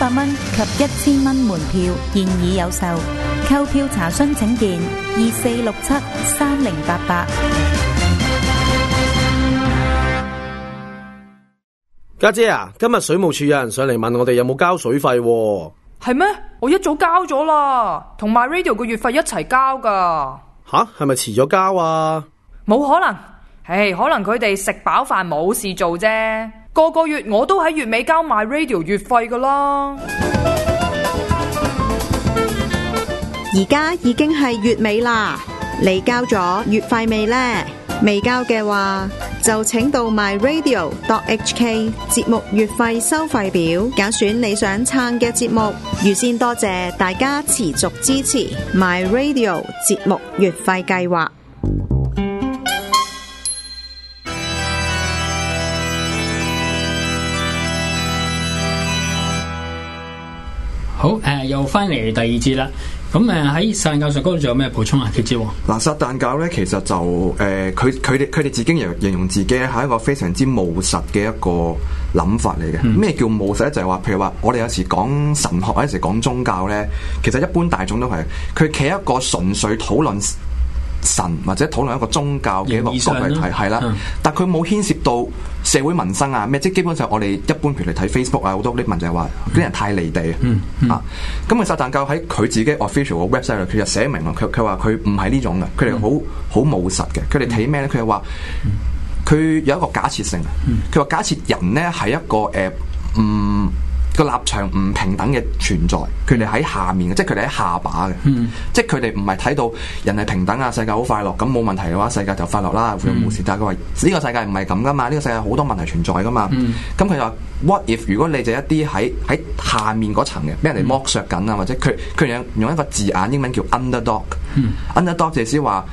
百蚊及一千蚊門票現已有售，購票查詢請電二四六七三零八八。家姐，姐啊，今日水務處有人上嚟問我哋有冇交水費？啊？係咩？我一早交咗啦，同埋 My Radio 個月費一齊交噶。吓，係咪遲咗交啊？冇可能，唉，hey，可能佢哋食飽飯冇事做啫。個個月我都喺月尾交 my radio 月費噶啦，而家已經係月尾啦，你交咗月費未呢？未交嘅話，就請到 my radio dot hk 節目月費收費表揀選你想撐嘅節目，預先多謝大家持續支持 my radio 節目月費計劃。好誒、呃，又翻嚟第二節啦。咁誒，喺、呃、撒旦教上高度仲有咩補充啊？杰志嗱，撒旦教咧，其實就誒，佢佢哋佢哋自己形形容自己咧，係一個非常之務實嘅一個諗法嚟嘅。咩、嗯、叫務實咧？就係、是、話，譬如話我哋有時講神學，有時講宗教咧，其實一般大眾都係佢企一個純粹討論。神或者討論一個宗教嘅立場嚟睇，係啦，的但佢冇牽涉到社會民生啊咩，即的、嗯、基本上我哋一般譬如睇 Facebook 啊，好多啲文就係話啲人太離地、嗯嗯、啊，啊，咁其實撒但教喺佢自己 official 個 website 度，佢就寫明啦，佢佢話佢唔係呢種嘅，佢哋好好務實嘅，佢哋睇咩咧？佢係話佢有一個假設性，佢話、嗯、假設人咧係一個誒，嗯。個立場唔平等嘅存在，佢哋喺下面嘅，即係佢哋喺下巴嘅，嗯、即係佢哋唔係睇到人係平等啊，世界好快樂咁冇問題嘅話，世界就快樂啦，佢冇、嗯、事。但係佢話呢個世界唔係咁噶嘛，呢、呢個世界好多問題存在噶嘛。咁佢就話 what if 如果你就一啲喺喺下面嗰層嘅，俾人哋剝削緊啊，或者佢佢用一個字眼英文叫 underdog，underdog、嗯、意思話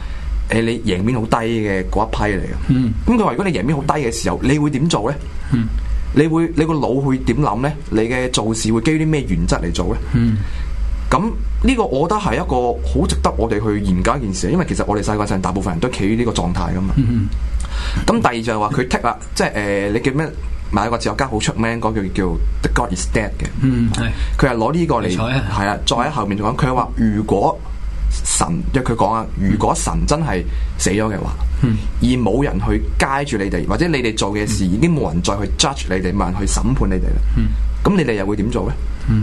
誒、欸、你贏面好低嘅嗰一批嚟嘅。咁佢話如果你贏面好低嘅時候，你會點做咧？嗯你會你個腦會點諗咧？你嘅做事會基於啲咩原則嚟做咧？嗯，咁呢、呢個我覺得係一個好值得我哋去研究一件事，因為其實我哋世界上大部分人都企於呢個狀態噶嘛。嗯咁、嗯、第二就係話佢剔啦， 即係誒、呃、你叫咩？買個哲學家好出名嗰句叫，個叫，個叫 The God Is Dead 嘅。嗯，係。佢係攞呢個嚟，係啊錯的，再喺後面就講，佢話如果。神即佢講啊，如果神真係死咗嘅話，嗯、而冇人去街住你哋，或者你哋做嘅事已經冇人再去 judge 你哋，冇人去審判你哋啦，咁、嗯、你哋又會點做呢？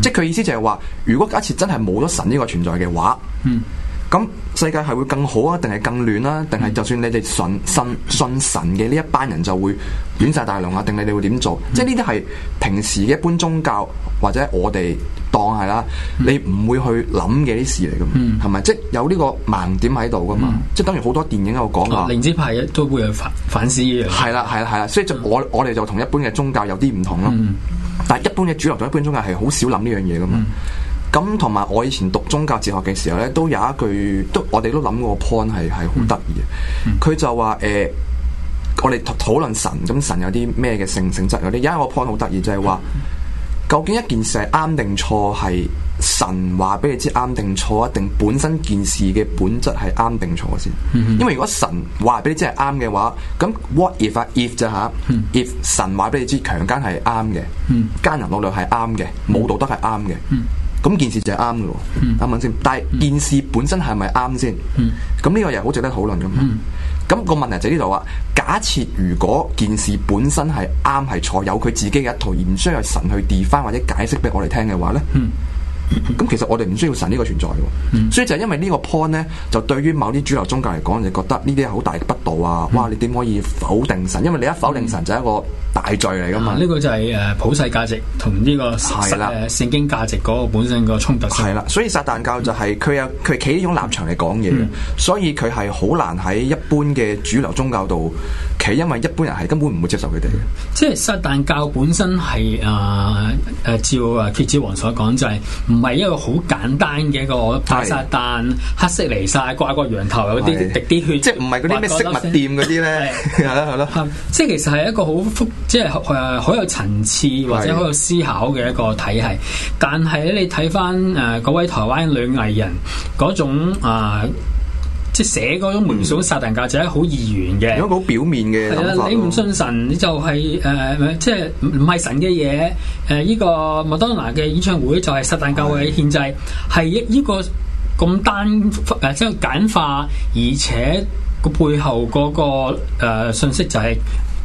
即係佢意思就係話，如果假設真係冇咗神呢個存在嘅話。嗯咁世界係會更好啊？定係更亂啦？定係就算你哋信信信神嘅呢一班人就會亂晒大龍啊？定你哋會點做？即係呢啲係平時一般宗教或者我哋當係啦，你唔會去諗嘅啲事嚟噶，係咪？即係有呢個盲點喺度噶嘛？即係等於好多電影喺度講啊。靈知派都會反反思呢樣。係啦係啦係啦，所以就我我哋就同一般嘅宗教有啲唔同咯。但係一般嘅主流同一般宗教係好少諗呢樣嘢噶嘛。咁同埋我以前讀宗教哲學嘅時候咧，都有一句，都我哋都諗過個 point 係係好得意嘅。佢、嗯、就話誒、呃，我哋討論神，咁神有啲咩嘅性性質有啲。有一個 point 好得意，就係、是、話，究竟一件事係啱定錯，係神話俾你知啱定錯，定本身件事嘅本質係啱定錯先。嗯嗯、因為如果神話俾你知係啱嘅話，咁 what if uh, if 就、uh, 吓 if,、uh,？if 神話俾你知強奸係啱嘅，嗯、奸人惡女係啱嘅，冇、嗯、道德係啱嘅。嗯咁件事就啱嘅，啱唔啱先？但係件事本身係咪啱先？咁呢個嘢好值得討論噶嘛？咁、嗯、個問題就呢度話：假設如果件事本身係啱係錯，有佢自己嘅一套，而唔需要神去 declare 或者解釋俾我哋聽嘅話咧？嗯咁、嗯、其實我哋唔需要神呢個存在喎，所以就係因為呢個 point 咧，就對於某啲主流宗教嚟講，就覺得呢啲好大不道啊！哇，你點可以否定神？因為你一否定神就係一個大罪嚟噶嘛。呢、啊呢個就係誒普世價值同呢個誒聖經價值嗰個本身個衝突。係啦，所以撒但教就係、是、佢有佢企呢種立場嚟講嘢嘅，嗯、所以佢係好難喺一般嘅主流宗教度企，因為一般人係根本唔會接受佢哋嘅。即係撒但教本身係誒誒照誒蠍子王所講就係、是。唔係一個好簡單嘅一個大撒但，的黑色嚟晒，掛個羊頭，有啲滴啲血，即係唔係嗰啲咩飾物店嗰啲咧？係咯係咯，即係其實係一個好複，即係誒好有層次或者好有思考嘅一個體系。的但係咧，你睇翻誒嗰位台灣女藝人嗰種啊～、呃即寫嗰種門檻，撒旦教就係好二元嘅，如果佢好表面嘅。係啊，你唔信神，你就係、是、誒、呃，即唔係神嘅嘢。誒、呃，依、這個麥當娜嘅演唱會就係撒旦教嘅獻祭，係呢的個咁單誒，即、呃就是、簡化，而且個背後嗰、那個誒信、呃、息就係、是。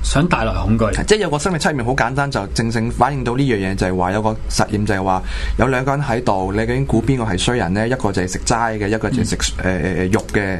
想帶來恐懼，即係有個心理測驗，好簡單，就正正反映到呢樣嘢，就係話有個實驗，就係話有兩個人喺度，你究竟估邊個係衰人呢？一個就係食齋嘅，一個就係食誒肉嘅。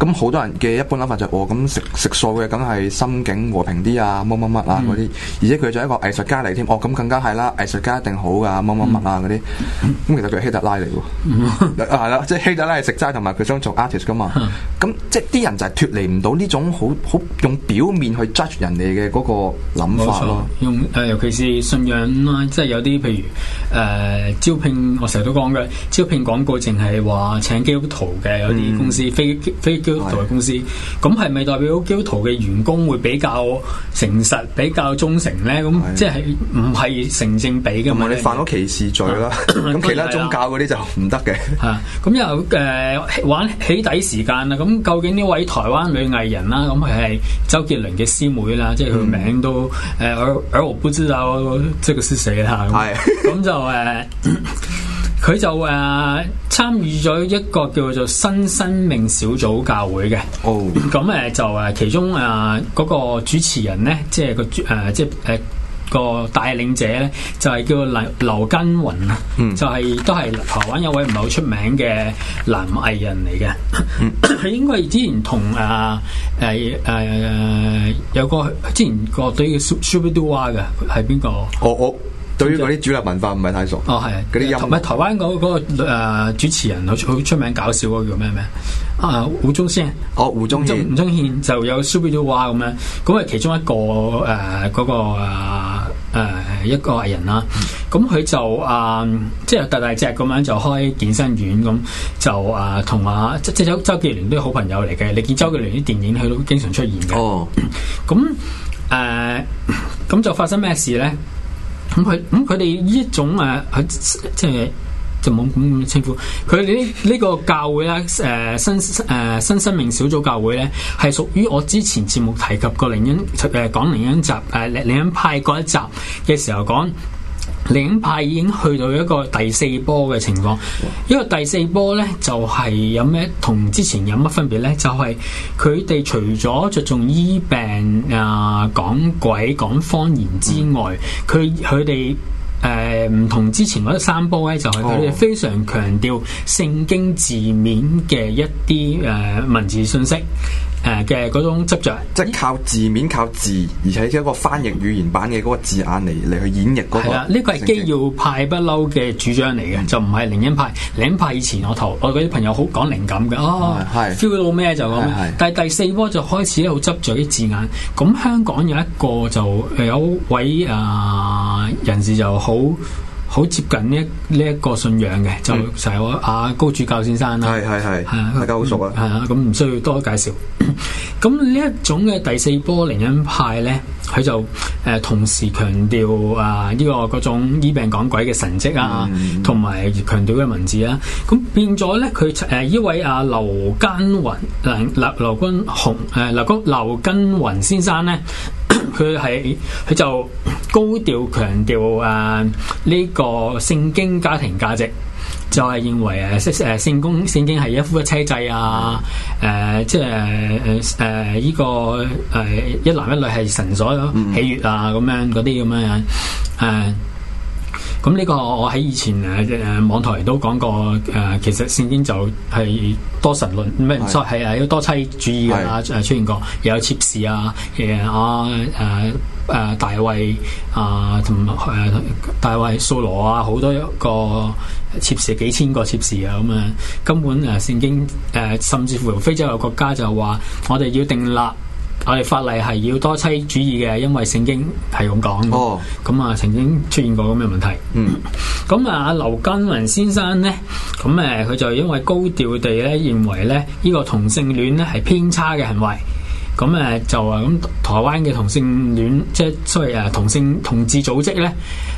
咁好多人嘅一般諗法就係：哦咁食食素嘅，梗係心境和平啲啊，乜乜乜啊嗰啲。而且佢仲係一個藝術家嚟添，哦咁更加係啦，藝術家一定好噶，乜乜乜啊嗰啲。咁其實佢係希特拉嚟喎。係啦，即係希特拉係食齋，同埋佢想做 artist 噶嘛。咁即係啲人就係脫離唔到呢種好好用表面去 judge 人。你嘅個諗法咯，用誒尤其是信仰啦，即係有啲譬如誒招聘，我成日都講嘅招聘廣告淨係話請基督徒嘅有啲公司，非非基督徒嘅公司，咁係咪代表基督徒嘅員工會比較誠實比較忠誠咧？咁即係唔係成正比嘅嘛？你犯咗歧視罪啦，咁其他宗教啲就唔得嘅。係啊，咁又誒玩起底時間啦。咁究竟呢位台灣女藝人啦，咁佢係周杰倫嘅師妹啦。即係佢個名都誒、呃，而而我不知道這個是誰啦。係咁 就誒，佢、呃、就誒參與咗一個叫做新生命小組教會嘅。哦、oh.，咁誒就誒其中誒嗰、呃那個主持人咧，即係個誒即係誒。呃個帶領者咧就係叫劉劉根雲啦，就係、是嗯就是、都係台灣有位唔係好出名嘅男藝人嚟嘅，佢、嗯、 應該之前同誒誒誒有個之前個隊叫 Superduwa 嘅係邊個？我我。對於嗰啲主流文化唔係太熟。哦，係嗰啲同埋台灣嗰嗰、那個、呃、主持人好好出名搞笑嗰個叫咩名？啊、呃，吳宗憲。哦，吳宗憲。吳宗憲就有 Super Doo Wah 咁樣，咁係其中一個誒嗰、呃那個誒、呃呃、一個藝人啦。咁佢、嗯、就啊，即、呃、係、就是、大大隻咁樣就開健身院，咁就啊同啊即即周周杰倫都係好朋友嚟嘅。你見周杰倫啲電影佢都經常出現嘅。哦。咁誒咁就發生咩事咧？咁佢咁佢哋呢種誒，佢、呃，即係就冇咁咁稱呼佢哋呢呢個教會咧，誒、呃、新誒、呃、新生命小組教會咧，係屬於我之前節目提及過靈恩誒講靈恩集誒靈恩派嗰一集嘅時候講。嶺派已經去到一個第四波嘅情況，因為第四波呢就係、是、有咩同之前有乜分別呢？就係佢哋除咗着重醫病啊、講鬼、講方言之外，佢佢哋。誒，唔、呃、同之前嗰三波咧，就係佢哋非常強調聖經字面嘅一啲誒、呃、文字信息誒嘅嗰種執着，即係靠字面靠字，而且一個翻譯語言版嘅個字眼嚟嚟去演繹嗰個。呢個係基要派不嬲嘅主張嚟嘅，就唔係靈恩派。靈恩派以前我頭我嗰啲朋友好講靈感嘅，啊，係 feel 到咩就咁。但係第四波就開始好執着啲字眼。咁、嗯、香港有一個就有位誒、啊、人士就。 好好接近呢呢一,一個信仰嘅，就成日我阿、嗯啊、高主教先生啦，係係係，大家好熟啊，係啊，咁唔需要多介紹。咁呢 一種嘅第四波靈恩派咧。佢就誒、呃、同時強調啊呢個嗰種醫病趕鬼嘅神蹟啊，同埋、嗯、強調嘅文字啊。咁變咗咧，佢誒呢位啊劉根雲、呃、劉劉根紅、誒劉根根雲先生咧，佢係佢就高調強調啊呢、呢個聖經家庭價值。就係認為誒誒聖公聖經係一夫一妻制啊，誒、呃、即係誒誒呢個誒、呃、一男一女係神所喜悅啊咁、嗯、樣嗰啲咁樣誒，咁、呃、呢個我喺以前誒誒網台都講過誒、呃，其實聖經就係多神論，唔係唔錯係啊，有是、呃、多妻主義噶、啊、誒是出現過，又有妾侍啊，誒啊誒。啊啊誒、呃、大衛，呃呃、大衛啊，同誒大衛掃羅啊，好多一個妾侍幾千個妾侍啊，咁、嗯、啊，根本啊聖經誒、呃，甚至乎非洲有國家就話，我哋要訂立我哋法例係要多妻主義嘅，因為聖經係咁講。哦，咁啊，曾經出現過咁嘅問題。Mm. 嗯，咁啊，阿劉根文先生咧，咁、嗯、誒，佢就因為高調地咧，認為咧，呢、這個同性戀咧係偏差嘅行為。咁誒就話，咁台灣嘅同性戀即係所謂誒同性同志組織咧，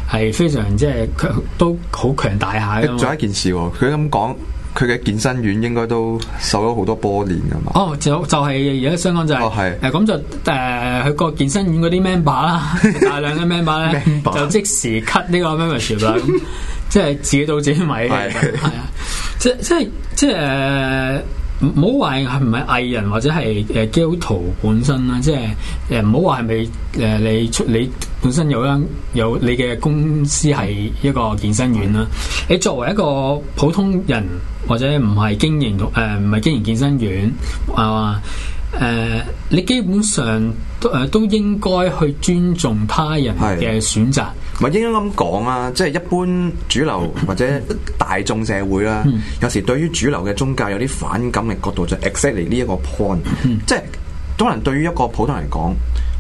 係非常即係強都好強大。下仲有一件事喎，佢咁講，佢嘅健身院應該都受咗好多波年㗎嘛。哦，就就係而家香港就係、是。咁就誒佢個健身院嗰啲 member 啦，大量嘅 member 咧就即時 cut 呢個 membership 啦，即係自己到自己買嘅，係啊，即即即誒。唔好話係唔係藝人或者係誒基督徒本身啦，即係誒唔好話係咪誒你出你本身有間有你嘅公司係一個健身院啦。你作為一個普通人或者唔係經營同誒唔係經營健身院啊？呃誒，uh, 你基本上都誒、呃、都應該去尊重他人嘅選擇。唔係應該咁講啊！即係一般主流或者大眾社會啦、啊， 有時對於主流嘅宗教有啲反感嘅角度，就 accept 你呢一個 point。 即係可能對於一個普通人嚟講，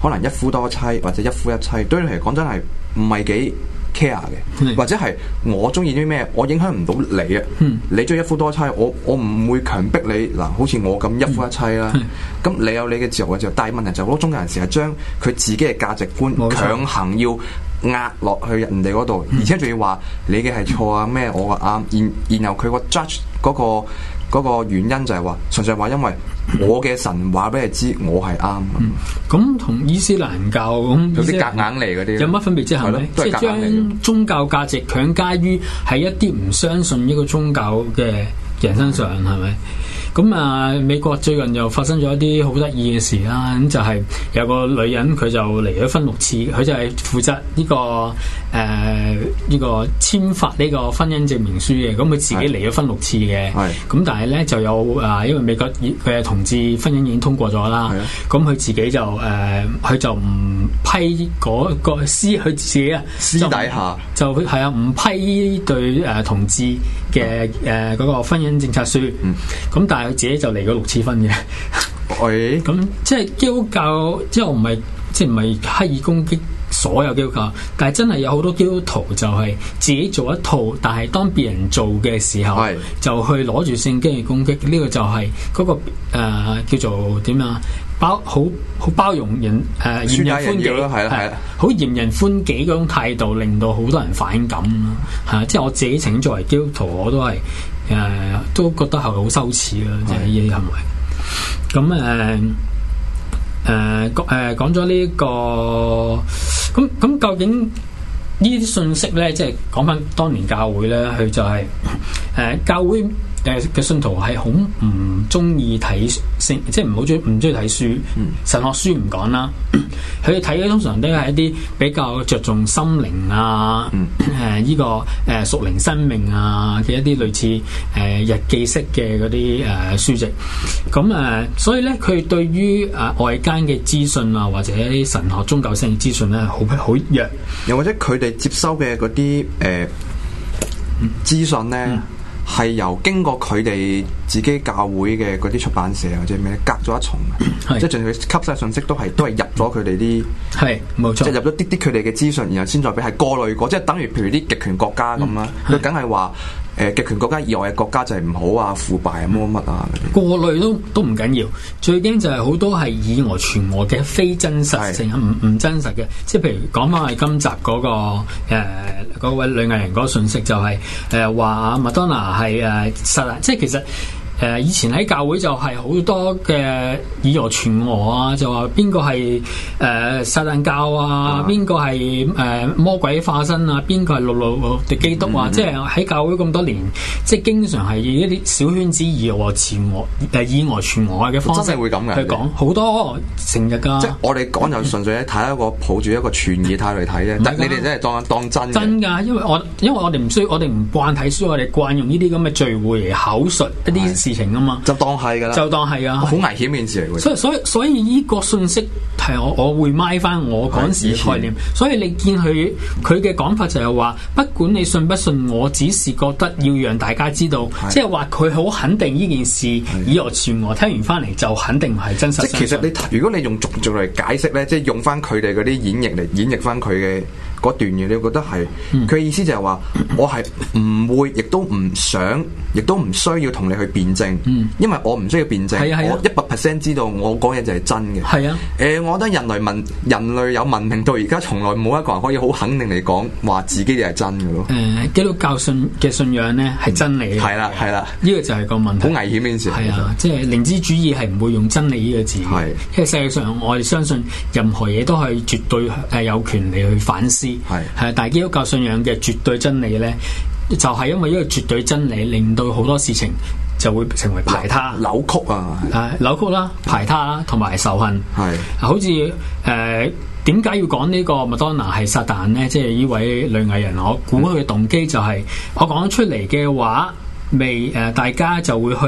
可能一夫多妻或者一夫一妻，對於你嚟講真係唔係幾 care 嘅，或者係我中意啲咩，我影響唔到你啊。嗯、你中意一夫多妻，我我唔會強迫你嗱，好似我咁一夫一妻啦。咁、嗯嗯、你有你嘅自由嘅由。但係問題就係好多中國人成日將佢自己嘅價值觀強行要壓落去人哋嗰度，而且仲要話你嘅係錯啊咩，我嘅啱。然然後佢個 judge 嗰、嗰個。嗰個原因就係話，純粹話因為我嘅神話俾你知，我係啱。咁同伊斯蘭教咁、嗯，有啲夾硬嚟嗰啲，有乜分別之後呢？係咪即係將宗教價值強加於喺一啲唔相信呢個宗教嘅人身上？係咪、嗯？咁啊、嗯，美國最近又發生咗一啲好得意嘅事啦。咁就係、是、有個女人，佢就離咗婚六次，佢就係負責呢、這個誒呢、呃、個簽發呢個婚姻證明書嘅。咁佢自己離咗婚六次嘅。係是的、嗯。咁但係咧就有啊，因為美國佢嘅同志婚姻已經通過咗啦。係啊。咁佢自己就誒佢、呃、就唔批、嗰個私，佢自己啊私底下就係、嗯、啊，唔批對誒同志嘅誒個婚姻政策書嗯。咁但佢自己就嚟過六次婚嘅，咁即係基督教，即係我唔係即係唔係刻意攻擊所有基督教，但係真係有好多基督徒就係自己做一套，但係當別人做嘅時候，就去攞住聖經嚟攻擊，呢個就係嗰個誒叫做點啊，包好好包容人誒，嚴人寬己係啦，係好嚴人寬己嗰種態度，令到好多人反感啦吓。即係我自己請作為基督徒，我都係。誒、呃、都覺得係好羞恥咯，即係呢啲行為。咁誒誒講誒講咗呢個，咁咁究竟呢啲信息咧，即係講翻當年教會咧，佢就係、是、誒、呃、教會。嘅嘅信徒係好唔中意睇書，即係唔好中唔中意睇書。神學書唔講啦，佢哋睇嘅通常都係一啲比較着重心靈啊，誒依、嗯啊這個誒屬靈生命啊嘅一啲類似誒、呃、日記式嘅嗰啲誒書籍。咁、嗯、誒，所以咧佢對於誒外間嘅資訊啊，或者一啲神學宗教性嘅資訊咧，好好弱。又或者佢哋接收嘅嗰啲誒資訊咧。呃係由經過佢哋自己教會嘅嗰啲出版社或者咩，隔咗一重， 即係仲要吸晒信息都，都係都係入咗佢哋啲，係冇錯，即係入咗啲啲佢哋嘅資訊，然後先再俾係過濾過，即係等於譬如啲極權國家咁啦，佢梗係話。 誒極權國家以外嘅國家就係唔好啊，腐敗啊，乜乜啊，過濾都都唔緊要，最驚就係好多係以訛傳訛嘅非真實性啊，唔唔是真實嘅，即係譬如講返係今集嗰、嗰個嗰、呃、位女藝人嗰個信息就係誒話麥當娜係誒撒但啦，即係其實。誒以前喺教會就係好多嘅以訛傳訛啊，就話邊個係誒撒但教啊，邊個係誒魔鬼化身啊，邊個係六六六嘅基督啊，即係喺教會咁多年，即係經常係以一啲小圈子以訛傳訛誒以訛傳訛嘅方式，真係會咁嘅。佢講好多成日㗎。即係我哋講就純粹咧睇一個抱住一個全意態嚟睇啫，你哋真係當當真。真㗎，因為我因為我哋唔需要，我哋唔慣睇書，我哋慣用呢啲咁嘅聚會嚟口述一啲事情啊嘛，就當係噶啦，就當係啊，好危險件事嚟嘅。所以所以所以呢個信息係我、嗯、我會買翻我嗰時嘅概念。嗯、所以你見佢佢嘅講法就係話，不管你信不信，我只是覺得要讓大家知道，即係話佢好肯定呢件事。嗯、以我算我聽完翻嚟就肯定唔係真實。即係其實你如果你用逐逐嚟解釋呢，即係用翻佢哋嗰啲演繹嚟演繹翻佢嘅。嗰段嘢你會覺得係佢嘅意思就係話，我係唔會，亦都唔想，亦都唔需要同你去辯證，因為我唔需要辯證，我一百 percent 知道我講嘢就係真嘅。係啊，誒，我覺得人類文人類有文明到而家，從來冇一個人可以好肯定嚟講話自己嘢係真嘅咯。誒，基督教信嘅信仰呢係真理嘅，係啦係啦，呢個就係個問題，好危險嘅事。係啊，即係靈知主義係唔會用真理呢個字，其實世界上我哋相信任何嘢都係絕對係有權利去反思。係係，但基督教信仰嘅絕對真理咧，就係、是、因為呢個絕對真理，令到好多事情就會成為排他、扭曲啊，係、啊、扭曲啦、啊、排他啦、啊，同埋仇恨。係的、啊，好似誒，點、呃、解要講呢個麥當娜係撒旦咧？即係呢位女藝人，我估佢嘅動機就係、是，嗯、我講出嚟嘅話，未誒、呃，大家就會去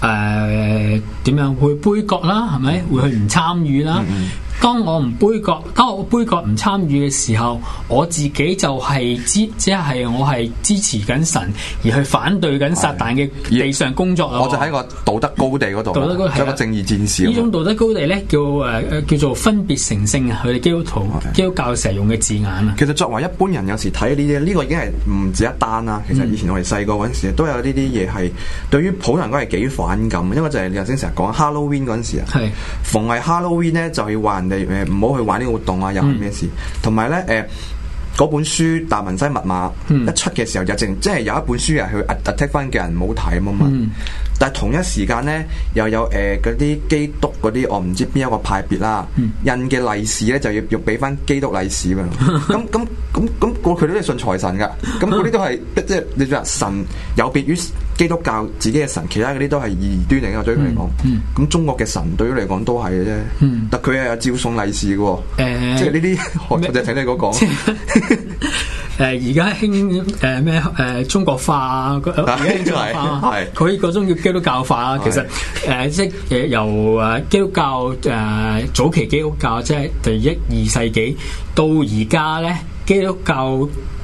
誒，點、呃、樣會杯葛啦？係咪會去唔參與啦？嗯嗯。當我唔杯葛，當我杯葛唔參與嘅時候，我自己就係支，即係我係支持緊神，而去反對緊撒但嘅地上工作。我就喺個道德高地嗰度，係個正義戰士。呢種道德高地咧叫誒叫做分別成聖啊，佢哋基督徒、基督教成日用嘅字眼啊。其實作為一般人，有時睇呢啲呢個已經係唔止一單啦。其實以前我哋細個嗰陣時都有呢啲嘢係對於普通人係幾反感，因為就係你頭先成日講 Halloween 嗰陣時啊，逢係 Halloween 咧就要玩。誒，唔好去玩呢個活動啊，又係咩事？同埋咧誒。呃嗰本書《達文西密碼》一出嘅時候，就淨即係有一本書人去 attack 翻嘅人冇睇啊嘛。嗯、但係同一時間咧，又有誒嗰啲基督嗰啲，我唔知邊一個派別啦，印嘅、嗯、利是咧就要要俾翻基督利是㗎。咁咁咁咁，我佢都係信財神㗎。咁嗰啲都係即係你話神有別於基督教自己嘅神，其他嗰啲都係異端嚟嘅。對於佢嚟講，咁、嗯嗯、中國嘅神對於佢嚟講都係嘅啫。嗯、但佢係有照送利是嘅， 即係呢啲我就哋聽你講。 誒，而家興誒咩？誒、呃呃，中國化中國化係佢嗰種叫基督教化啊。 是其實誒、呃，即係由誒基督教誒、呃、早期基督教，即係第一二世紀到而家咧，基督教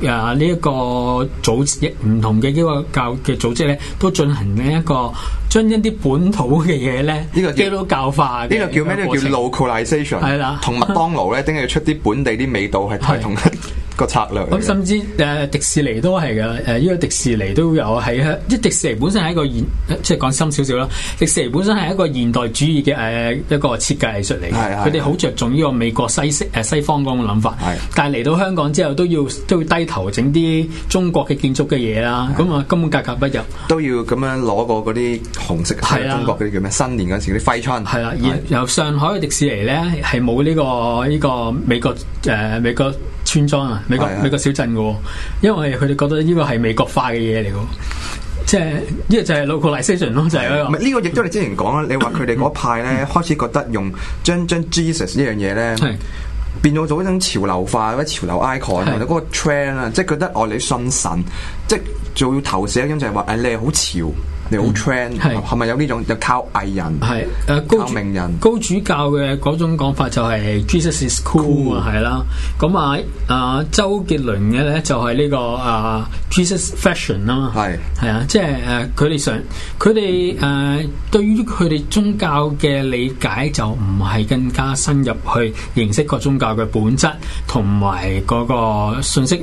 啊呢一個組織唔同嘅基督教嘅組織咧、啊，都進行呢一個將一啲本土嘅嘢咧。呢、這個基督教化、這個，呢、這個叫咩咧？叫 localization 係啦，同麥當勞咧，定係出啲本地啲味道係同。 個策略咁甚至誒迪士尼都係㗎，誒依家迪士尼都有喺香，即迪士尼本身係一個現，即係講深少少啦。迪士尼本身係一個現代主義嘅誒一個設計藝術嚟，佢哋好着重呢個美國西式誒西方嗰個諗法。但係嚟到香港之後都要都要低頭整啲中國嘅建築嘅嘢啦，咁啊根本格格不入。都要咁樣攞過嗰啲紅色，係啊，中國嗰啲叫咩？新年嗰時啲揮春係啦，由上海嘅迪士尼呢，係冇呢個呢個美國誒美國。村莊啊，美國的美國小鎮嘅，因為佢哋覺得呢個係美國化嘅嘢嚟嘅，即係呢、這個就係 localization 咯，就係嗰、那個。呢、這個亦都係之前講啦， 你話佢哋嗰派咧 開始覺得用將將，將 Jesus 呢樣嘢咧變咗做一種潮流化或者潮流 icon 啊的，嗰個 trend 啊，即係覺得哦，你信神即係的就要投射一種就係話誒，你係好潮。你好 trend，係咪有呢種就靠藝人？係，誒、啊、高名人高主教嘅嗰種講法就係 Jesus is cool, cool. 啊，係啦。咁、就是這個、啊，啊周杰倫嘅咧就係呢個啊 Jesus fashion 啊嘛是，係係啊，即係誒佢哋想佢哋誒對於佢哋宗教嘅理解就唔係更加深入去認識個宗教嘅本質同埋嗰個信息，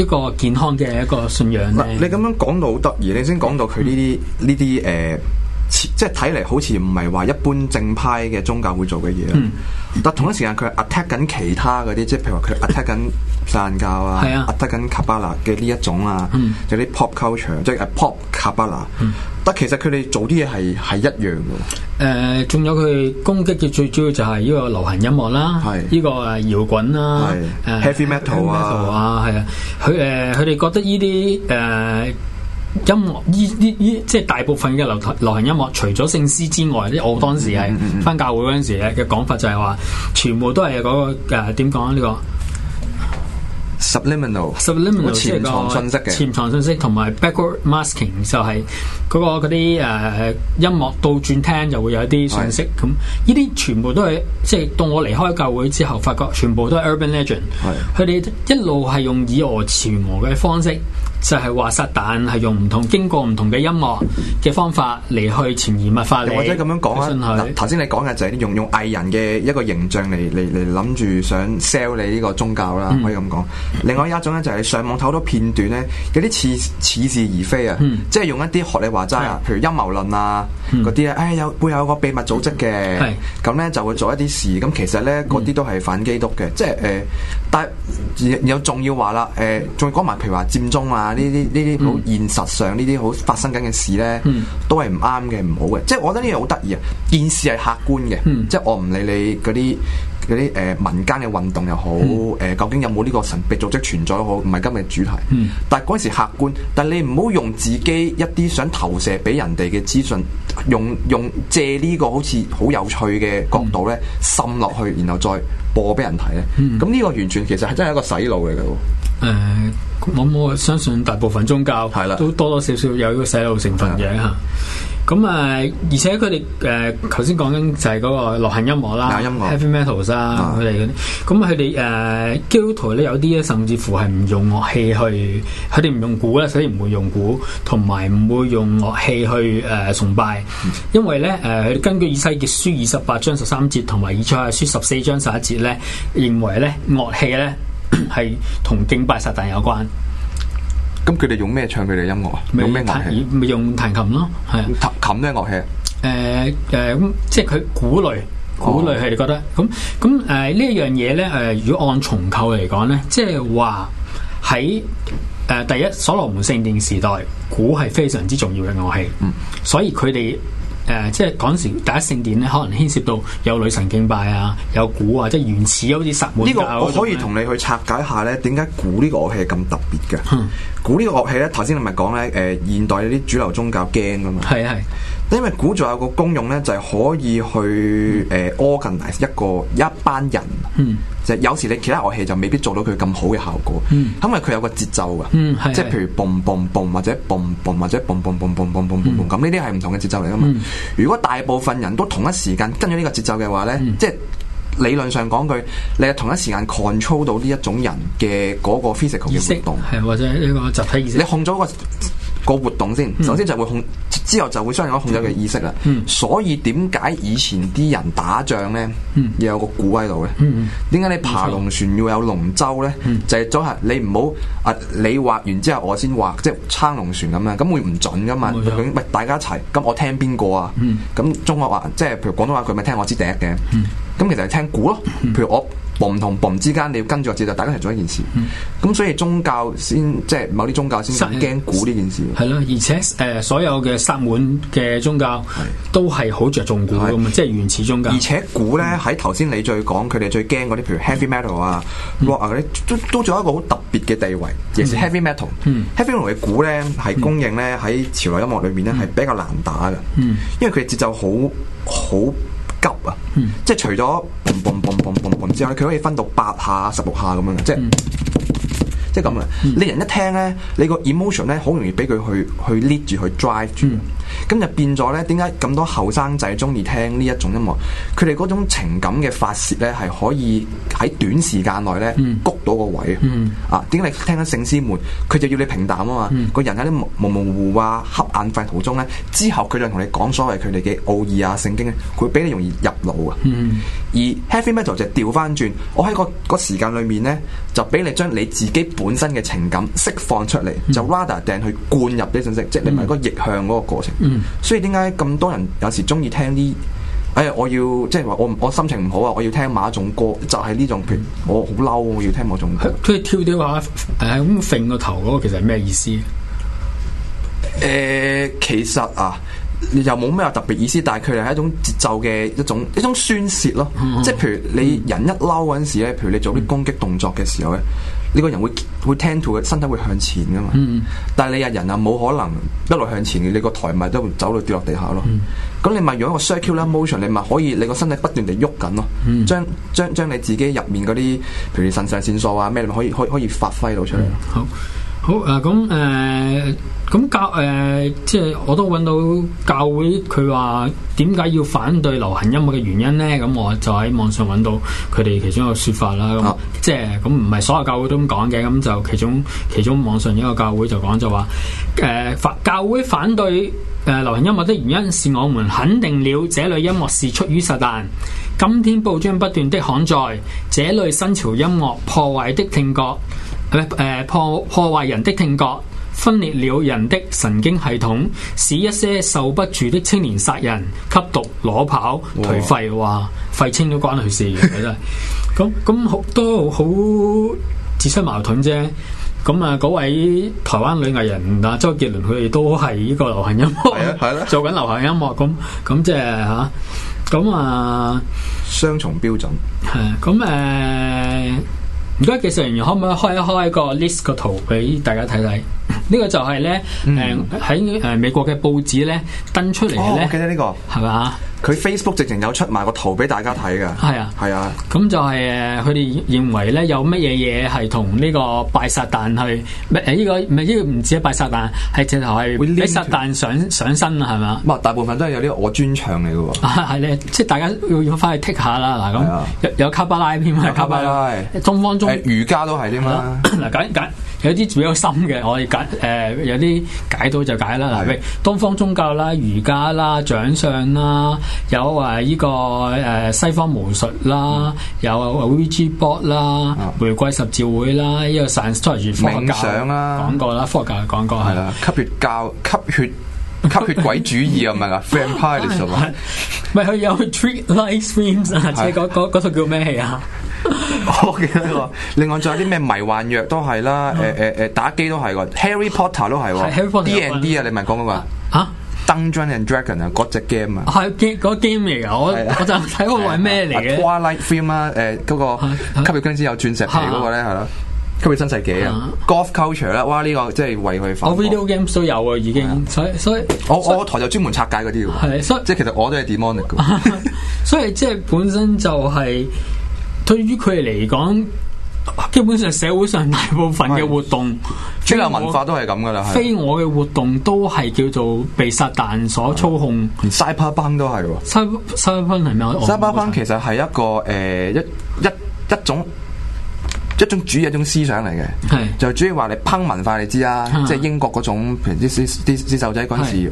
一個健康嘅一個信仰咧，你咁樣講到好得意，你先講到佢呢啲呢啲誒。嗯即係睇嚟好似唔係話一般正派嘅宗教會做嘅嘢、嗯、但同一時間佢 attack 緊其他嗰啲，即係譬如話佢 attack 緊散教啊，attack 緊 Kabbalah 嘅呢一種啊，有啲、嗯、pop culture，即係 pop Kabbalah 但其實佢哋做啲嘢係係一樣嘅。誒、呃，仲有佢攻擊嘅最主要就係依個流行音樂啦，呢是個誒搖滾啦，誒是、啊、heavy metal 啊，係啊，佢誒佢哋覺得呢啲誒。Uh, 音樂依啲依即係大部分嘅流流行音樂，除咗聖詩之外，啲我當時係翻 教會嗰陣時嘅講法就係、是、話，全部都係嗰、那個誒點講呢、這個 subliminal，subliminal 潛藏信息，潛藏信息同埋 backward masking 就係嗰、那個嗰啲誒音樂倒轉聽就會有一啲信息。咁呢啲全部都係即係到我離開教會之後，發覺全部都係 urban legend，佢哋的一路係用以訛傳訛嘅方式。就係話撒旦係用唔同，經過唔同嘅音樂嘅方法，嚟去潛移默化你，或者咁樣講，頭先你講嘅就係用用藝人嘅一個形象嚟嚟嚟諗住想 sell 你呢個宗教啦，可以咁講。嗯、另外一種咧就係上網睇好多片段咧，有啲似似是而非啊，嗯、即係用一啲學你話齋啊，譬是如陰謀論啊嗰啲咧，唉、嗯哎、有會有個秘密組織嘅，咁咧是是就會做一啲事。咁其實咧嗰啲都係反基督嘅，即係誒、呃。但係又仲要話啦，誒再講埋譬如譬話佔中啊。呢啲呢啲好現實上呢啲好發生緊嘅事呢，都係唔啱嘅，唔好嘅。即係我覺得呢樣好得意啊！件事係客觀嘅，即係我唔理你嗰啲啲誒民間嘅運動又好，誒究竟有冇呢個神秘組織存在都好，唔係今日主題。但嗰陣時客觀，但你唔好用自己一啲想投射俾人哋嘅資訊，用用借呢個好似好有趣嘅角度呢，滲落去，然後再播俾人睇咧。咁呢個完全其實係真係一個洗腦嚟嘅。誒。我我相信大部分宗教的都多多少少有呢個洗腦成分嘅嚇。咁的啊，而且佢哋誒頭先講緊就係嗰個流行音樂啦，heavy metals 啊，佢哋啲。咁佢哋誒基督徒咧有啲咧甚至乎係唔用樂器去，佢哋唔用鼓咧，所以唔會用鼓，同埋唔會用樂器去誒、呃、崇拜。因為咧誒、呃，根據以《以西結書》二十八章十三節同埋《以賽亞書》十四章十一節咧，認為咧樂器咧。係同敬拜撒但有關，咁佢哋用咩唱佢哋音樂啊？用咩樂器？咪用彈琴咯，係彈琴咩樂器？誒誒、呃、咁、呃、即係佢鼓類，鼓類係你覺得咁咁誒呢樣嘢咧誒，如果按重構嚟講咧，即係話喺誒第一所羅門聖殿時代，鼓係非常之重要嘅樂器，嗯，所以佢哋。誒，yeah, 即係嗰陣時第一聖典咧，可能牽涉到有女神敬拜啊，有鼓啊，即係原始好似撒滿。呢個我可以同你去拆解下咧，點解鼓呢個樂器係咁特別嘅？鼓呢、嗯、個樂器咧，頭先你咪講咧，誒、呃、現代啲主流宗教驚㗎嘛。係係。因為鼓仲有個功用咧，就係可以去誒 organize 一個一班人，嗯、就有時你其他樂器就未必做到佢咁好嘅效果。嗯、因為佢有個節奏㗎，嗯、即係譬如 boom boom boom 或者 boom boom 或者 boom boom boom boom boom boom boom 咁，呢啲係唔同嘅節奏嚟㗎嘛。嗯、如果大部分人都同一時間跟住呢個節奏嘅話咧，嗯、即係理論上講句，你係同一時間 control 到呢一種人嘅嗰個 physical 嘅活動，係或者呢個集體意識，你控咗個個活動先，首先就會控。之後就會相信我控制嘅意識啦，嗯、所以點解以前啲人打仗呢，要、嗯、有個鼓喺度呢？點解、嗯嗯、你爬龍船要有龍舟呢？嗯、就係咁嚇你唔好啊！你畫完之後我先畫，即、就、係、是、撐龍船咁樣，咁會唔準噶嘛、嗯嗯？大家一齊，咁我聽邊個啊？咁、嗯、中國話，即、就、係、是、譬如廣東話佢咪聽我支笛嘅？咁、嗯、其實係聽鼓咯，譬如我。嗯嘣同嘣之間，你要跟著節奏，大家齊做一件事。咁、嗯、所以宗教先，即係某啲宗教先驚鼓呢件事。係咯，而且誒、呃，所有嘅薩滿嘅宗教都係好着重鼓。是即係原始宗教。而且鼓咧喺頭先你再最講，佢哋最驚嗰啲，譬如 heavy metal 啊、rock、嗯、啊啲，都都有一個好特別嘅地位。尤其是 heavy metal，heavy metal 嘅鼓咧係公認咧喺潮流音樂裏面咧係比較難打嘅，因為佢嘅節奏好好急啊。 即係除咗嘣嘣嘣嘣嘣之外，佢可以分到八下、十六下咁樣嘅，即係 即係咁嘅。 你人一聽咧，你個 emotion 咧好容易俾佢去去 lift 住、去 drive 住。 咁就變咗咧？點解咁多後生仔中意聽呢一種音樂？佢哋嗰種情感嘅發泄咧，係可以喺短時間內咧谷到個位、嗯嗯、啊！點解你聽緊聖詩門們？佢就要你平淡啊嘛。個、嗯、人喺啲模模糊糊啊、瞌眼瞓途中咧，之後佢就同你講所謂佢哋嘅奧義啊、聖經咧，會畀你容易入腦啊。嗯、而 heavy metal 就係調翻轉，我喺個個時間裏面咧，就俾你將你自己本身嘅情感釋放出嚟，就 rather 掟去灌入啲信息，嗯、即係你咪嗰個逆向嗰個過程。嗯，所以點解咁多人有時鍾意聽啲誒、哎？我要即係話我我心情唔好啊，我要聽某一種歌，就係呢種譬如我好嬲，我要聽某種。佢、就是、跳跳下誒咁揈個頭嗰個其實係咩意思？誒、呃，其實啊，又冇咩特別意思，但係佢係一種節奏嘅一種一種宣泄咯。即係、嗯嗯、譬如你人一嬲嗰陣時咧，譬如你做啲攻擊動作嘅時候咧。呢個人會會 tend to 嘅身體會向前噶嘛，嗯、但係你啊人又冇可能一路向前嘅，你個台咪都會走到跌落地下咯。咁、嗯、你咪用一個 circular motion，你咪可以你個身體不斷地喐緊咯，將將將你自己入面嗰啲，譬如腎上腺素啊咩，可以可以可以發揮到出嚟。嗯，好好啊，咁、嗯、誒，咁、嗯嗯、教誒、嗯，即係我都揾到教會佢話點解要反對流行音樂嘅原因呢？咁、嗯、我就喺網上揾到佢哋其中一個説法啦。咁、嗯、即係咁唔係所有教會都咁講嘅。咁、嗯、就其中其中網上一個教會就講就話誒，教會反對誒流行音樂的原因是我們肯定了這類音樂是出於撒但。今天報章不斷的刊載這類新潮音樂破壞的聽覺。誒破破壞人的聽覺，分裂了人的神經系統，使一些受不住的青年殺人、吸毒、裸跑、頹廢。話廢青都關佢事嘅真係。咁咁好都好自相矛盾啫。咁啊，嗰位台灣女藝人啊，周杰倫佢哋都係呢個流行音樂，係啦，做緊流行音樂，咁咁即係吓，咁啊雙重標準係咁誒。唔該技術人員可唔可以開一開個 list 個圖俾大家睇睇？呢 個就係咧，誒喺誒美國嘅報紙咧，登出嚟嘅咧，記得呢個，係咪啊？佢 Facebook 直情有出埋個圖俾大家睇噶，係啊，係啊，咁就係誒，佢哋認為咧有乜嘢嘢係同呢個拜撒旦去？唔係呢個唔係呢個唔止係拜撒旦，係直頭係俾撒旦上上身啊，係咪？唔係、嗯、大部分都係有啲我專唱嚟嘅，係咧、啊，啊啊、即係大家要要翻去剔下啦，嗱咁、啊、有有卡巴拉添啊，有卡巴拉，有卡巴拉東方中、呃、瑜伽都係添啦，嗱、啊，咁咁。 有啲比較深嘅，我哋解誒有啲解到就解啦。嗱，譬如東方宗教啦、儒家啦、掌相啦，有誒呢個誒西方巫術啦，有 V G Bot 啦、玫瑰十字會啦，呢個 Science Story，穿越火教講過啦，科學教講過係啦。吸血教、吸血吸血鬼主義啊，唔係啊，Vampire 啊嘛，唔係佢有 Twilight Films，即係嗰套叫咩戲啊？我記得喎，另外仲有啲咩迷幻藥都係啦，誒誒誒，打機都係喎，Harry Potter 都係喎，D and D 啊，你唔係講嗰個啊？Dungeon and Dragon 啊，嗰隻 game 啊，係 game 嗰個 game 嚟噶，我我就睇嗰個係咩嚟嘅 Twilight Film 啊，誒嗰個《吸血僵屍》有鑽石皮嗰個咧係咯，《吸血新世紀》啊，Golf Culture 啦，哇呢個即係為佢。我 video game 都有啊，已經，所以所以，我我台就專門拆解嗰啲嘅，係，即係其實我都係 Demonic 噶，所以即係本身就係。對於佢嚟講，基本上社會上大部分嘅活動，主流文化都係咁噶啦。非我嘅活動都係叫做被撒旦所操控。Cyberpunk 都係喎。Cyberpunk，Cyberpunk 係咩？Cyberpunk 其實係一個誒一一一種一種主義一種思想嚟嘅，就主要話你烹文化你知啊，即係英國嗰種，譬如啲啲啲細仔嗰陣時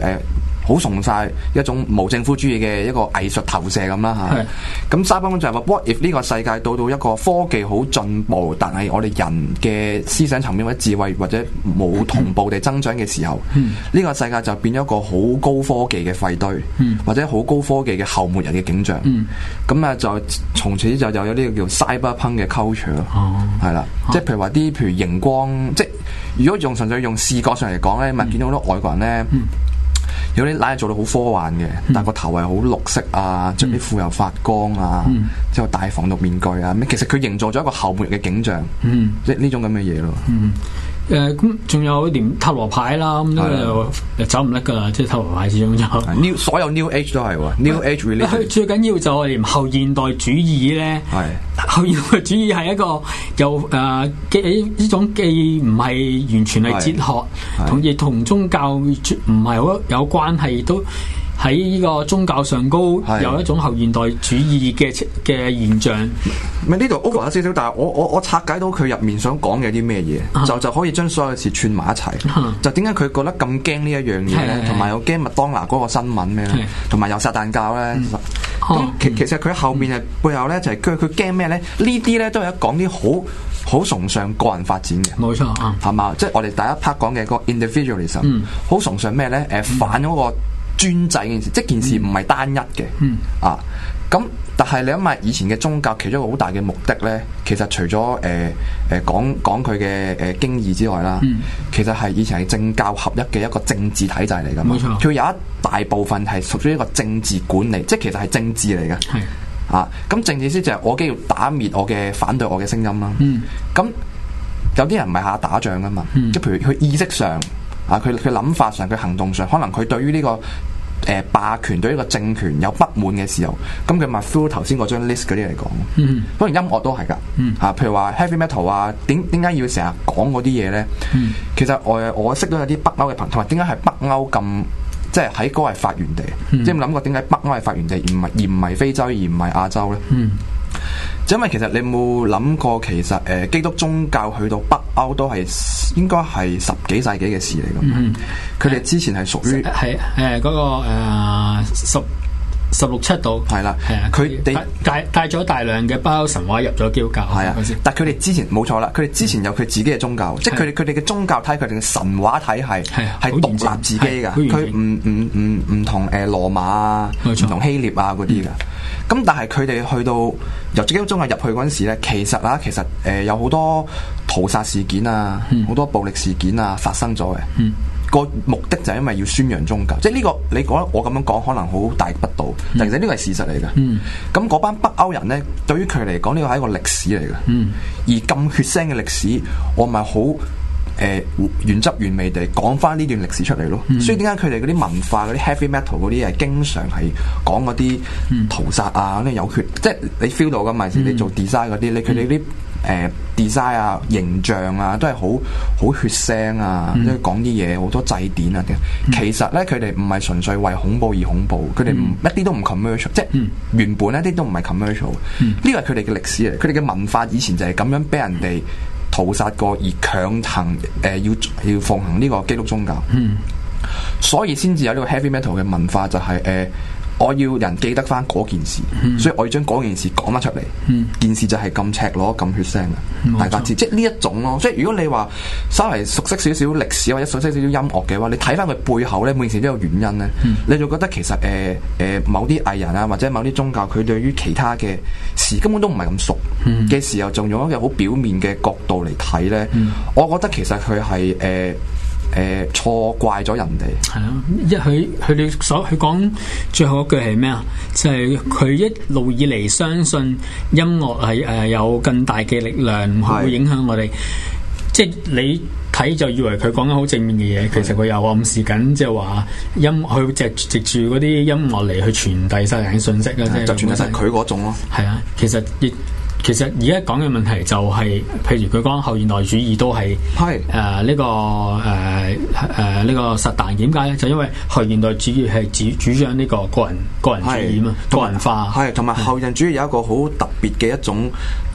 好崇曬一種無政府主義嘅一個藝術投射咁啦嚇。咁 Cyberpunk 就係、是、話，what if 呢個世界到到一個科技好進步，但係我哋人嘅思想層面或者智慧或者冇同步地增長嘅時候，呢、嗯、個世界就變咗一個好高科技嘅廢堆，嗯、或者好高科技嘅後末人嘅景象。咁啊、嗯，嗯、就從此就又有呢個叫 Cyberpunk 嘅 culture、啊。哦，係啦，即係譬如話啲譬如熒光，即係如果用純粹用視覺上嚟講咧，咪見到好多外國人咧。嗯嗯有啲奶係做到好科幻嘅，但係個頭係好綠色啊，着啲褲又發光啊，之、嗯、後戴防毒面具啊，咩？其實佢營造咗一個後末嘅景象，即呢、嗯、種咁嘅嘢咯。嗯嗯誒咁，仲、呃、有連塔羅牌啦，咁咧的就走唔甩噶啦，的即係塔羅牌始終就。new 所有 new age 都係喎、啊、的，new age r 最緊要就連後現代主義咧，的後現代主義係一個又誒既呢種既唔係完全係哲學，同亦同宗教唔係好有關係都。喺呢個宗教上高有一種後現代主義嘅嘅現象。咪呢度 overlap 少少，但係我我我拆解到佢入面想講嘅啲咩嘢，就就可以將所有嘅事串埋一齊。就點解佢覺得咁驚呢一樣嘢咧？同埋又驚麥當娜嗰個新聞咩？同埋又撒旦教咧？其其實佢後面嘅背後咧就係佢佢驚咩咧？呢啲咧都係一講啲好好崇尚個人發展嘅。冇錯啊，係嘛？即係我哋第一 part 講嘅嗰個 individualism，好崇尚咩咧？誒，反嗰個。專制件事，即件事唔係單一嘅，嗯、啊，咁但係你諗下，以前嘅宗教其中一個好大嘅目的呢，其實除咗誒誒講講佢嘅誒經義之外啦，嗯、其實係以前係政教合一嘅一個政治體制嚟噶嘛，冇錯，佢有一大部分係屬於一個政治管理，嗯、即其實係政治嚟噶，嗯、啊，咁政治先就係我既要打滅我嘅反對我嘅聲音啦，咁、嗯嗯、有啲人唔係下打仗噶嘛，即譬如佢意識上。啊！佢佢諗法上，佢行動上，可能佢對於呢、這個誒、呃、霸權對呢個政權有不滿嘅時候，咁佢咪 follow 頭先嗰張 list 嗰啲嚟講。嗯。當然音樂都係㗎。嗯、啊，譬如話 heavy metal 啊，點點解要成日講嗰啲嘢咧？嗯、其實我我識到有啲北歐嘅朋友，同埋點解係北歐咁，即係喺嗰係發源地，嗯、即係諗過點解北歐係發源地，而唔係而唔係非洲，而唔係亞洲咧、嗯？嗯。因為其實你冇諗過，其實誒、呃、基督宗教去到北歐都係應該係十幾世紀嘅事嚟㗎。佢哋，mm hmm. 之前係屬於係誒嗰個誒、呃、十十六七度，係啦，係啊，佢哋帶帶咗大量嘅包神話入咗基督教，係啊，但係佢哋之前冇錯啦，佢哋之前有佢自己嘅宗教，即係佢佢哋嘅宗教睇佢哋嘅神話體系，係獨立自己噶，佢唔唔唔唔同誒羅馬啊，唔同希臘啊嗰啲噶。咁但係佢哋去到由基督教入去嗰陣時咧，其實啦，其實誒有好多屠殺事件啊，好多暴力事件啊發生咗嘅。個目的就係因為要宣揚宗教，即係、這、呢個你講我咁樣講可能好大不道，其實呢個係事實嚟嘅。咁嗰班北歐人咧，對於佢嚟講呢個係一個歷史嚟嘅。嗯、而咁血腥嘅歷史，我咪好誒原汁原味地講翻呢段歷史出嚟咯。嗯、所以點解佢哋嗰啲文化、嗰啲 heavy metal 嗰啲係經常係講嗰啲屠殺啊、嗰啲有血，即係你 feel 到㗎嘛？你做 design 嗰啲，你佢哋啲。誒、呃、design 啊、形象啊，都係好好血腥啊，即係講啲嘢好多祭典啊、嗯、其實咧，佢哋唔係純粹為恐怖而恐怖，佢哋唔一啲都唔 commercial、嗯、即係原本一啲都唔係 commercial、嗯。呢個係佢哋嘅歷史嚟，佢哋嘅文化以前就係咁樣俾人哋屠殺過而強行誒、呃、要要奉行呢個基督宗教。嗯，所以先至有呢個 heavy metal 嘅文化、就係，就係誒。我要人記得翻嗰件事，嗯、所以我要將嗰件事講翻出嚟。嗯、件事就係咁赤裸、咁、嗯、血腥啊，大家知，即係呢一種咯。即係如果你話稍微熟悉少少歷史或者熟悉少少音樂嘅話，你睇翻佢背後呢，每件事都有原因呢。嗯、你就覺得其實誒誒、呃呃、某啲藝人啊或者某啲宗教佢對於其他嘅事根本都唔係咁熟嘅、嗯、時候，仲用一個好表面嘅角度嚟睇呢。嗯、我覺得其實佢係誒。呃呃誒，錯怪咗人哋係啊！一佢佢哋所佢講最後一句係咩啊？就係、是、佢一路以嚟相信音樂係誒有更大嘅力量去影響我哋。的即係你睇就以為佢講緊好正面嘅嘢，其實佢又暗示緊，就話音佢藉藉住嗰啲音樂嚟去傳遞晒人嘅信息的啊！即係就傳遞晒佢嗰種咯。係啊，其實亦。其實而家講嘅問題就係、是，譬如佢講後現代主義都係，係誒呢個誒誒呢個實彈點解咧？就因為後現代主義係主主張呢個個人個人主義嘛，是個人化係，同埋後現代主義有一個好特別嘅一種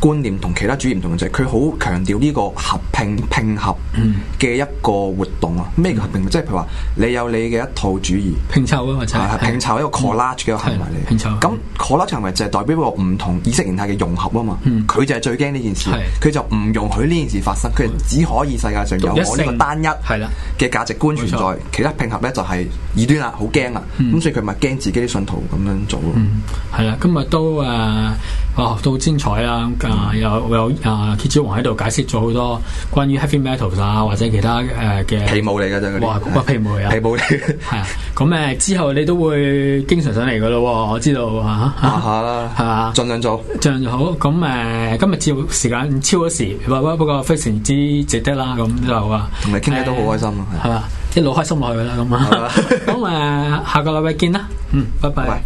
觀念，同其他主義唔同就係佢好強調呢個合併拼，拼合嘅一個活動啊！咩叫、嗯、合併？即係譬如話你有你嘅一套主義，拼湊啊，或者拼湊一個 collage 嘅、嗯、一個行為拼湊咁 collage 行為就係代表一個唔同意識形態嘅融合啊嘛。佢、嗯、就係最驚呢件事，佢的就唔容許呢件事發生，佢的只可以世界上有我呢個單一嘅價值觀存在，的其他拼合呢就係異端啦，好驚啊，咁、嗯、所以佢咪驚自己啲信徒咁樣做咯，係啦，今日都誒。Uh, 哦，都好精彩啦！啊，有有啊，蠍子王喺度解釋咗好多關於 heavy metals 啊，或者其他誒嘅皮毛嚟噶咋佢？哇，個皮毛啊！皮毛係啊，咁誒之後你都會經常上嚟噶咯？我知道吓下啦，係嘛？盡量做，盡量做好。咁誒，今日節目時間超咗時，不過非常之值得啦。咁就啊，同你傾偈都好開心啊！係啊，一路開心落去啦。咁啊，咁誒，下個禮拜見啦。嗯，拜拜。